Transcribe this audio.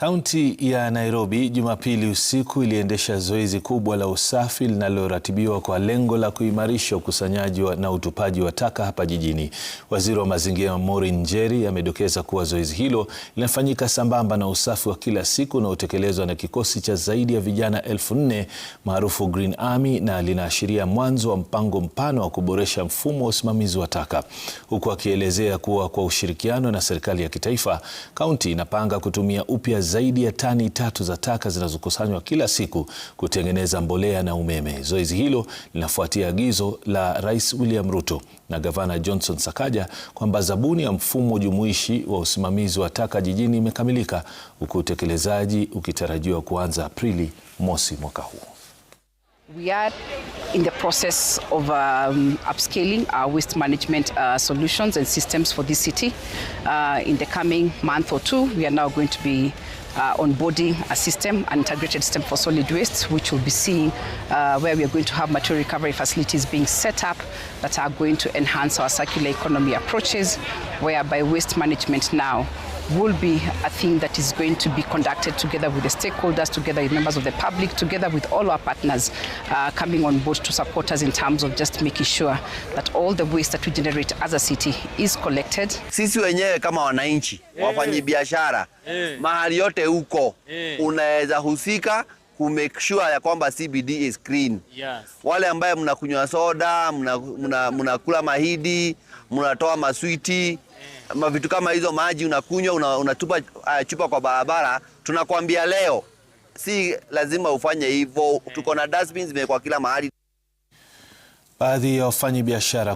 Kaunti ya Nairobi Jumapili usiku iliendesha zoezi kubwa la usafi linaloratibiwa kwa lengo la kuimarisha ukusanyaji na utupaji wa taka hapa jijini. Waziri wa Mazingira Maureen Njeri amedokeza kuwa zoezi hilo linafanyika sambamba na usafi wa kila siku unaotekelezwa na kikosi cha zaidi ya vijana elfu nne maarufu Green Army na linaashiria mwanzo wa mpango mpana wa kuboresha mfumo wa usimamizi wa taka. Huku akielezea kuwa kwa ushirikiano na serikali ya kitaifa, kaunti inapanga kutumia upya zaidi ya tani tatu za taka zinazokusanywa kila siku kutengeneza mbolea na umeme. Zoezi hilo linafuatia agizo la Rais William Ruto na Gavana Johnson Sakaja kwamba zabuni ya mfumo jumuishi wa usimamizi wa taka jijini imekamilika huku utekelezaji ukitarajiwa kuanza Aprili mosi mwaka huu. We are in the process of um, upscaling our waste management uh, solutions and systems for this city. Uh, in the coming month or two, we are now going to be uh, onboarding a system, an integrated system for solid waste, which will be seeing uh, where we are going to have material recovery facilities being set up that are going to enhance our circular economy approaches, whereby waste management now will be a thing that is going to be conducted together with the stakeholders, together with members of the public, together with all our partners uh, coming on board to support us in terms of just making sure that all the waste that we generate as a city is collected. Sisi wenyewe kama wananchi, yeah. Wafanyi biashara, yeah. Mahali yote huko, yeah. Unaweza husika ku make sure ya kwamba CBD is clean. Yes. Wale ambaye mnakunywa soda, mnakula mna, mna mahidi, mnatoa maswiti vitu kama hizo, maji unakunywa, una, uh, chupa kwa barabara, tunakwambia leo si lazima ufanye hivyo. Tuko na dustbins zimekuwa kila mahali. Baadhi ya wafanyabiashara